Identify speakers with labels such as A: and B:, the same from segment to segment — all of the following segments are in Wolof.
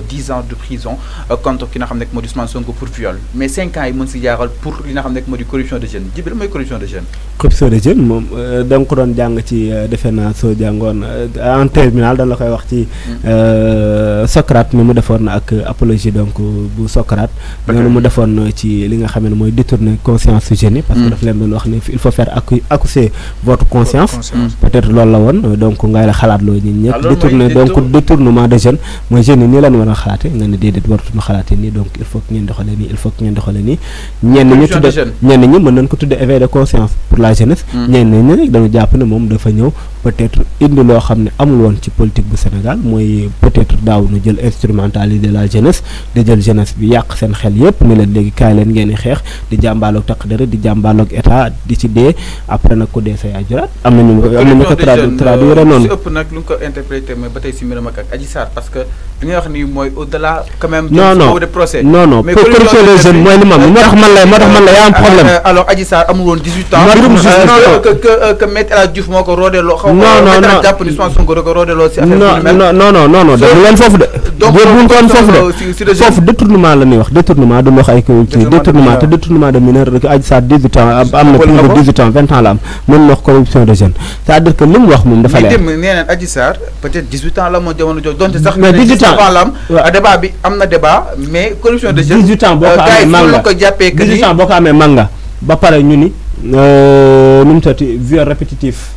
A: dix ans de prison euh, contre qui n'a xam nekk moo di Ousmane Sonko pour viol mais cinq ans yi mën si pour li nga xam nekk corruption de jeunes jibi la mooy corruption de jeunes
B: corruption de jeunes moom euh, da nga ko doon jàng ci euh, defe naa soo jàngoon en terminale dañ la koy wax ci hmm. Socrate mi mu defoon ak apologie donc bu Socrate noonu mu defoon ci li nga xam ne mooy détourner conscience de jeunes parce que hmm. daf leen doon wax ne il faut faire ac accuser votre conscience hmm. peut-être loolu la woon donc ngay la xalaat loo ñun ñëpp ah, détourner donc détournement de jeunes mooy jeunes yi l'a mëna xalaté nga né dédét wartuma xalaté ni donc il faut que ngeen doxalé ni il faut que ngeen doxalé ni ñen ñi tudde ñen ñi mën nañ ko tudde éveil de conscience pour la jeunesse mm. ñen ñi rek dañu japp né mom dafa ñëw peut-être indi lo xamné amul won ci politique bu Sénégal moy peut-être daaw ñu jël instrumentaliser la jeunesse de jël jeunesse bi yaq sen xel yépp ni leen légui kay leen ngeen xex di jambalok tak dara di jambalok état di ci dé après nak ko dé say ajurat amna ñu amna ñu ko traduire euh, non ci
A: ëpp nak lu ko interpréter moy batay ci miram ak aji sar parce que li nga wax ni mooy au delà quand même. non non de procès non non pour corruption des jeunes mooy li ma moo tax man la moo tax man la yaa am problème. Euh, alors Adji Sarr amul woon 18 ans. mbirum euh, justice non que que euh, que Maître El Hadj Diouf moo ko roodeeloo. xaw ma Maître El Hadj jàpp ni Ousmane Sonko ko roodeeloo si affaire non non non
B: non non dafa leen foofu de. donc loolu foofu de foofu détournement la ñuy wax détournement du wax ay corruption détournement te détournement de mineur rek Adji Sarr 18 ans am na plus de 18 ans 20 ans la am mën wax corruption de jeunes c'est-à-dire que li mu
A: wax moom dafa leer mais démb nee naan Adji Sarr peut-être 18 ans la moo jamono jooju donte sax mais 18 ans la am Ah, débat bi am na débat mais corruption de jeune 18 ans boo euh, ko amee manga ko jàppee 18 ans boo ko
B: amee manga ba pare ñu ni euh, nu mu tati viol répétitif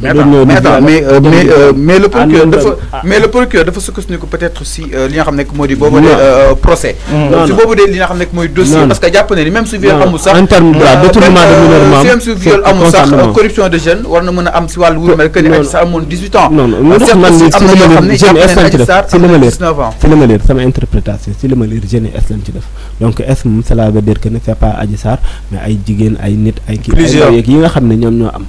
B: mais mais euh, euh, ah. mais le procureur dafa
A: mais le procureur dafa sukkandiku peut-être si euh, li nga xam nekk di. boobu de procès. si boobu de li nga xam nekk dossier. parce que japp ne même si viol amul sax. en terme de détournement de mineur même si viol amul sax corruption de jeunes warna meuna am si wàllu wourmel que ni Adji Sarr amoon 18 ans. non non ndax man mii si li ma jeune est lan ci def ci li lire ci si
B: lire sama interprétation ci li lire jeune est lan ci def donc est moom cela veut dire que ne c'est pas Adji Sarr mais ay jigen ay nit ay ki ay yi nga xam ñom ñoo am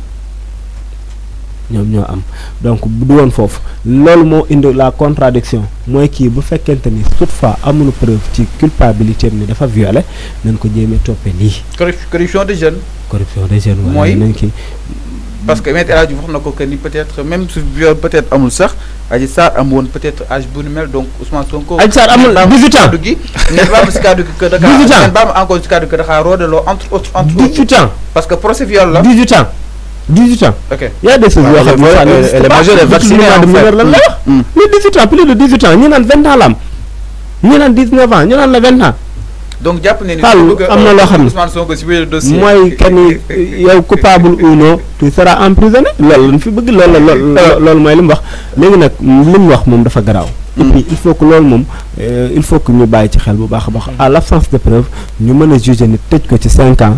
B: ñoom ñoo am donc bu du won foofu loolu moo indi la contradiction mooy kii bu fekkente ni toutefois amul preuve ci culpabilité ni dafa violé nañ ko jéemee toppee lii.
A: corruption des jeunes. corruption des jeunes. mooy nañ ki parce que Maître El wax na ko que ni peut-être même su viol peut-être amul sax aji sar am woon peut-être âge bu nu mel donc Ousmane Sonko. aji sar amul 18 ans gi ngeen ba am si kaddu gi que Dakar ngeen ba am encore si kaddu gi que Dakar roodeloo entre autres entre autres. 18 ans parce que procès viol la 18 ans. 18 ans. ok y' a des choses yoo xam ne euh, les majeurs est vacciné de mineur lan la mm.
B: wax. le 18 ans plus de 18 ans ñu naan 20 ans la am ñu naan 19 ans ñu naan la 20 ans.
A: donc am na euh, loo xam ne mooy que ni yow
B: coupable ou non tu seras emprisonné loolu lañ fi bëgg loolu la loolu euh, mooy li mu wax léegi nag li mu wax moom dafa garaaw. et mm. puis il faut que loolu moom il faut que ñu bàyyi ci xel bu baax a baax. Mm. à l' absence de preuve ñu mën a juger ni tëj ko ci 5 ans.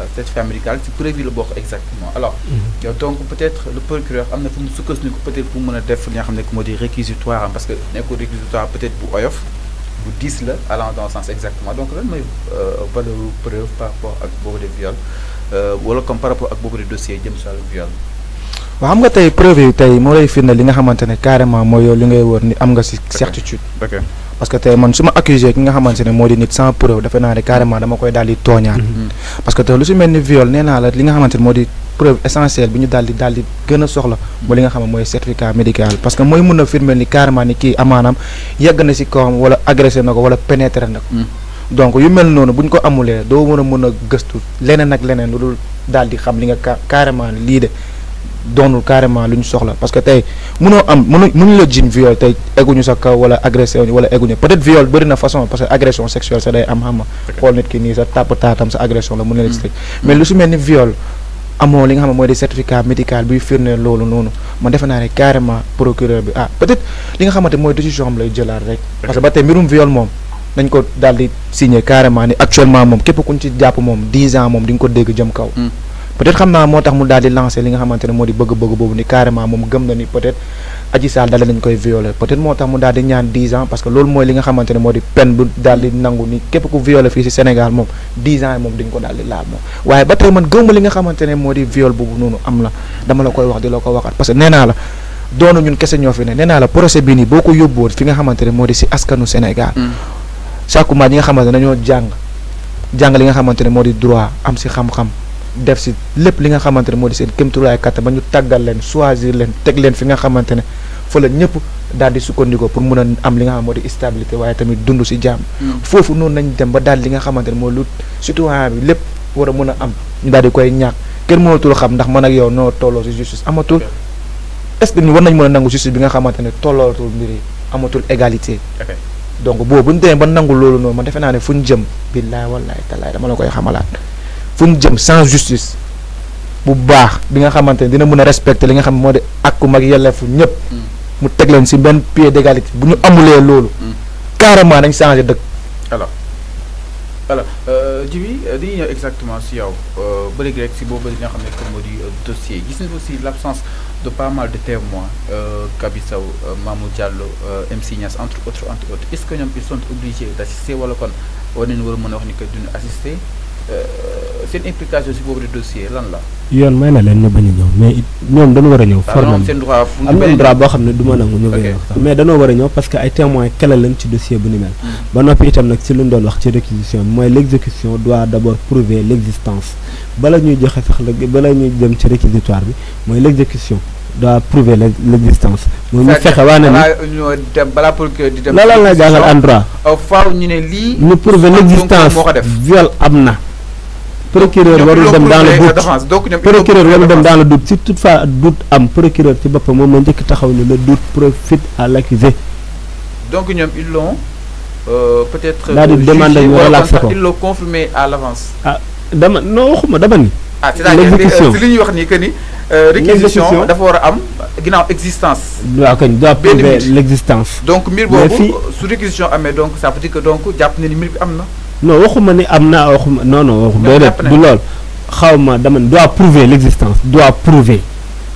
A: Euh, cette femme médicale tu le exactement alors mhm. donc peut être le procureur peut être pour mon réquisitoire parce que les réquisitoire peut être pour oyof vous allant dans le sens exactement donc euh, preuve par rapport à pour de viol euh, alors comme par rapport à beaucoup de dossier viol
C: preuve carrément certitude parce que tey man su ma accusé ki nga xamante ne moo di nit sans preuve defe naa ne carrément dama koy daal di tooñaat mm-hmm. parce que tey lu si mel ni viol nee naa la li nga xamante ne moo di preuve essentielle bi ñu daal di daal a soxla mooy li nga xam ne mooy certificat médical parce que mooy mun a firmeel ni carrément ni kii amaanaam yegg na si kawam wala agressé na ko wala pénétré na ko mm. donc yu mel noonu bu ñu ko amulee doo mën a mën a gëstu leneen ak leneen lu dul daal di xam li nga carrément lii de doonul carrément lu ñu soxla parce que tey mënoo am mënu mënu la jiiñ viol tey egguñu sa kaw wala agressé wala egguñu peut-être viol bëri na façon parce que agression sexuelle sa day am xam nga xool nit ki nii sa tàpp taatam sa agression la mën na la hmm. mais lu hmm. su mel ni viol amoo li nga xam ne mooy des certificat médical buy firnde loolu noonu man defe naa ne carrément procureur bi ah, nga xamante mooy décision am lay jëlaat rek parce que ba tey mbirum viol moom dañ ko daal di signé carrément ni actuellement moom képp kuñ ci jàpp moom 10 moom di nga ko dégg jëm peut-être xam naa moo tax mu daal di lancer li nga xamante ne moo di bëgg-bëgg boobu ni carrément moom gëm na ni peut-être Adji Sarr daal nañ koy violer peut-être moo tax mu daal di ñaan 10 ans parce que loolu mooy li nga xamante ne moo di peine bu daal di nangu ko daal di laal moom waaye ba tey man gëwma li nga xamante ne moo di boobu noonu am la dama la koy wax di la ko waxaat parce que nee naa la doonu ñun kese ñoo fi ne nee naa la procès bi nii boo ko yóbboo fi nga xamante ne moo di ci askanu Sénégal chaque mm. jàng jàng li nga xamante ne moo di droit am ci xam def si lépp li nga xamante ne moo di seen kémtulaay kattan ba ñu tàggal leen choisir leen teg leen fi nga xamante ne fa la ñëpp daal di sukkandikoo pour mun a am li nga xam moo di stabilité waaye tamit dund si jàmm mm. foofu noonu nañ dem ba daal li nga xamante ne moo lu citoyen bi lépp war a mun a am ñu daal di koy ñàkk kenn mënatul xam ndax man ak yow noo tolloo si justice amatul est-ce que ñu nañ mën a nangu justice bi nga xamante ne tollootul mbir yi amatul égalité donc boobu bu ñu demee ba nangu loolu noonu ma defe naa ne fu ñu jëm billaay wallaay talaay dama la koy xamalaat fu sans justice bu baax bi nga xamante ne dina mën respecter li nga xam moo di àqu mag yelleefu mm. mu si pied d'égalité bu ñu amulee loolu mm. carrément dañ changé de alors
A: alors euh, Djibi euh, dañuy exactement si yow euh, ba léegi rek si boobu li nga xam comme dossier gis nañu aussi l'absence de pas mal de témoins Kabissaw Mamou Diallo MC Niass entre autres entre autres est ce que ñoom ils sont obligés d'assister assister wala kon war nañu war wax ni que duñu assister euh, seen implication si boobu de dossier lan la.
B: yoon may na leen ñu bañ a ñëw mais ñoom dañu war a ñëw. formellement am nañ droit boo xam ne du ma nangu ñu bañ mais dañoo war a ñëw parce que ay témoins kele lañ ci dossier bu ni mel. Hmm. ba noppi itam nag si lu doon wax ci réquisition bi mooy l' exécution doit d' abord prouver l' existence bala ñuy joxe sax la bala ñuy dem ci réquisitoire bi mooy l' exécution. doit prouver l'existence moom ñu fexe waa na ni
A: loolal na jàngal en droit ñu prouver l'existence
B: viol am na
A: procureur warul dem dans le doute procureur warul dem dans le doute
B: si toutefois doute am procureur ci bopam mo la njëkk taxaw ni le doute profite à l'accusé
A: donc ñom ils l'ont euh, peut-être daal di euh, demander ñu relaxé ko ils l'ont confirmé à l'avance ah dama non waxuma dama ni ah c'est-à-dire euh, li ñuy wax ni que ni réquisition dafa wara am ginaaw existence waaw
B: kañ doit prouver l'existence donc mir bobu
A: su réquisition amé donc ça veut dire que donc japp ni mir bi am
B: non waxuma ni am waxuma non non doit prouver l'existence doit prouver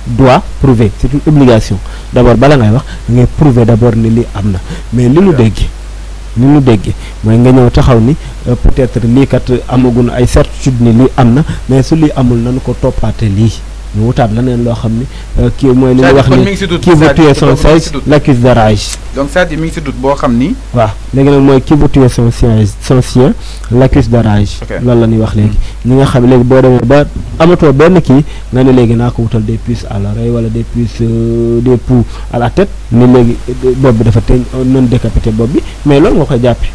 B: doit prouver c'est une obligation d'abord bala ngay wax prouver d'abord ni mais li ñu dégg ni ñu nga taxaw peut-être kat ay certitude ni lii mais su lii amul ñu wutaat leneen loo xam ni euh, kii mooy li ñuy wax ni qui bu tuer son singe l'accuse de rage
A: donc cest di mi ngi si doute boo xam ni
B: waaw léegi nag mooy qui veut tuer son singe son chien l'accuse de rage loolu la ñuy wax léegi ñi nga xam léegi boo demee ba amatoo benn kii nga ne léegi naa ko wutal des puces à l'oreille wala des puces euh, des poux à la tête ni léegi euh, bopp bi dafa teñ non décapité bopp bi mais loolu nga koy jàppe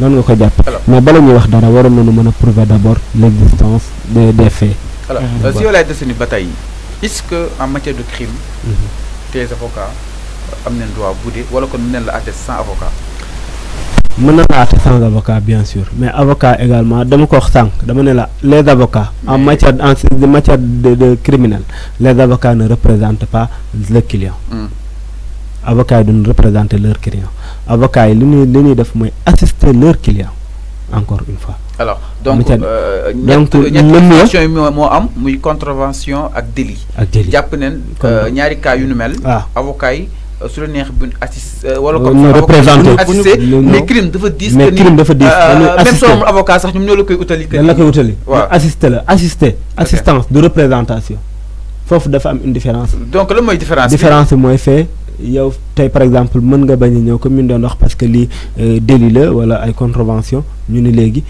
B: loolu nga ko jàppe mais bala ñuy wax dara waroon nañu mën a prouver d'abord l'existence des des faits alors, si euh,
A: euh, on a bataille, est-ce qu'en matière de crime, mhm. tes avocats ont le droit de bouder ou alors qu'on a des 100 avocats
B: mën naa sans avocat bien sûr mais avocat également dama ko corps les avocats en matière en matière de de criminel les avocats ne représentent pas le client. Hmm. avocats ne duñu représenter leur client avocats ils ne assister leur client encore une fois
A: alors donc euh, ñetti infraction yi moo am muy contravention ak délit jàpp neen euh, ñaari cas yu mel ah. avocat yi euh, su la neex bu assist wala comme représenté assisté mais crime dafa diis mais crime dafa diis même soo avocat sax ñoom ñoo la koy outali dañ la koy outali waaw
B: assisté la assisté assistance de représentation fofu dafa am une différence
A: donc le mooy différence différence
B: mooy fait yow tey par exemple mën nga bañ ñëw comme ñu doon wax parce que lii délit la wala ay contravention ñu ni léegi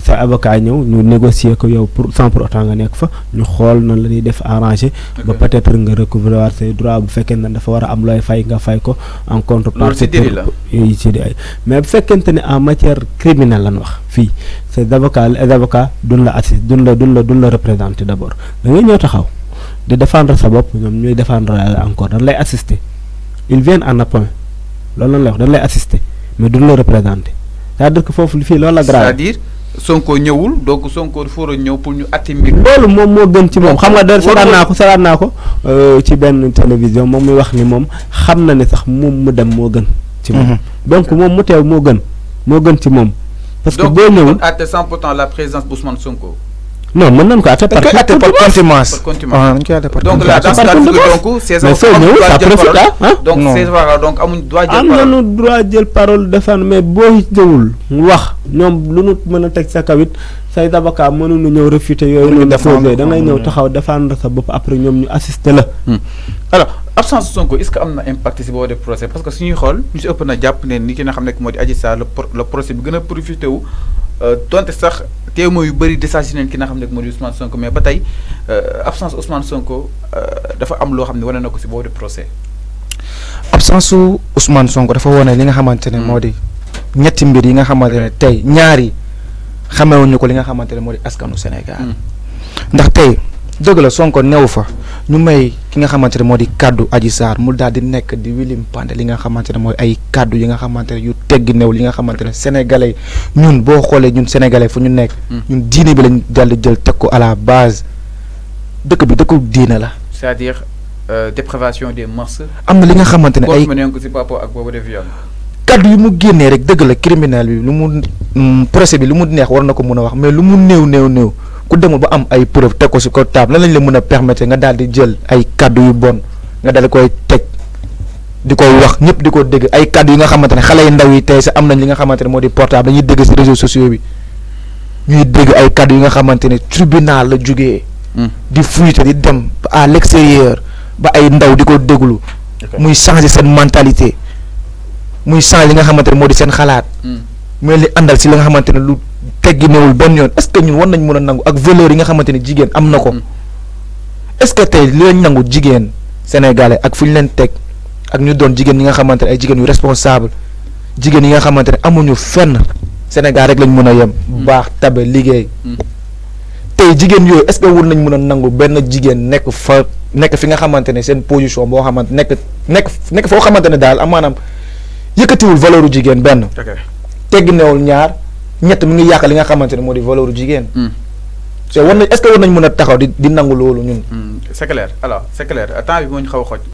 B: sa avocat ñëw ñu négocier ko yow pour sans pour autant nga nekk fa ñu xool nan la ñuy def arrangé. ba peut nga recouvrir say droit bu fekkee ne dafa war a am looy fay nga fay ko en contrepartie. loolu ci ay mais bu fekkente ne en matière criminelle lañ wax fii ces avocats les avocats duñ la assist duñ la duñ la duñ la représenté d'abord da ngay ñëw taxaw di sa bopp ñoom ñooy défendre encore dañ lay assister ils viennent en appoint loolu lañ lay wax dañ assister mais duñ la représenté c'est-à-dire que foofu fii loolu la grave
A: Sonko ñewul donc Sonko dafa ñew pour ñu atti mbir loolu
B: moom moo gën ci mom xam nga da saraan naa ko saraan naa ko euh, ci ben télévision mom muy wax ni mom xam na ni sax mom mu dem mo gën ci mom mhm. donc mom mu tew mo gën mo gën ci mom parce que bo ñewul donc
A: atte 100 pour la présence Ousmane Sonko
B: non mën nañ ko àtte par contumace ah, donc là dans ce cas donc César donc César donc amuñ droit jël parole am nañu droit jël parole defaan mais boo jëwul wax ñoom lu nu mën a teg sa kawit say avocat mënuñu ñëw réfuter yooyu noonu defee da ñëw taxaw défendre sa bopp après ñoom ñu assister la hmm.
A: alors absence Sonko est-ce am na impact si boo parce que suñuy xool ñu si ëpp na jàpp ne ni ki nga xam ne moo di Adji Sarr le procès bi gën a profité wu Euh, donte sax témoins yu bëri déchargé nañ ki na xam ne moo di Ousmane Sonko mais ba tey euh, absence Ousmane Sonko euh, dafa am loo xam ne wane na ko si boobu de procès.
C: absence su Ousmane Sonko dafa wane li nga xamante ne hmm. moo di ñetti mbir yi nga xamante ne tey ñaari xamewuñu ko li nga xamante ne moo di askanu Sénégal hmm. ndax tey. dëgg la Sonko new fa ñu may ki nga xamante ne moo di kàddu aji Sarr mu daal di nekk di wilim pande li nga xamante ne mooy ay kàddu yi nga xamante ne yu teggi new li nga xamante ne sénégalais ñun boo xoolee ñun sénégalais fu ñu nekk. Hmm. ñun diine bi lañ daal jël teg ko à la base dëkk bi dëkku diine la.
A: c'est-à-dire euh, des mœurs. am na li nga xamante ne ay
C: kàddu yi mu génnee rek dëgg la criminel bi lu mu mm, procès bi lu mu neex war na ko mun a wax mais lu mu néew néew néew. ku demul ba am ay preuve teg ko si ko taab lan lañ la mën a permettre nga daal di jël ay kàddu yu bon nga dal di koy teg di koy wax ñëpp di ko dëgg ay kàddu yi nga xamante ne xale yu ndaw yi tey sax am nañ li nga xamante ne moo di portable dañuy dégg si réseaux sociaux bi ñuy dégg ay kàddu yi nga xamante ne tribunal la jógee. Hmm. di fuite di dem à l'extérieur ba ay ndaw di ko déglu. muy changer seen mentalité muy changer li nga xamante ne moo di seen xalaat. Hmm. muy li àndal si li nga xamante ne lu. tegginewul benn yoon est-ce que ñun war nañ mën a nangu ak valeur yi nga xamante ne jigéen am na ko mm-hmm. est-ce que tey li lañ nangu jigéen sénégalais ak fu ñu leen teg ak ñu doon jigéen ñi nga xamante ne ay jigéen yu responsable jigéen yi nga xamante ne amuñu fenn Sénégal rek lañ mën a yem. Mm-hmm. baax tabe liggéey. Mm-hmm. tey jigéen yooyu est-ce que war nañ mën a nangu benn jigéen nekk fa nekk fi nga xamante ne seen position boo xamante nekk nekk nekk foo xamante ne daal am maanaam yëkkatiwul u jigéen benn. tegginewul ñaar. ñett mi ngi yàq li nga xamante ne moo di valeur jigéen. Hmm. te war nañ est que war nañ mën a taxaw di di nangu loolu ñun.
A: Hmm. c'est clair alors c'est clair temps bi moo ñu xaw a xoj.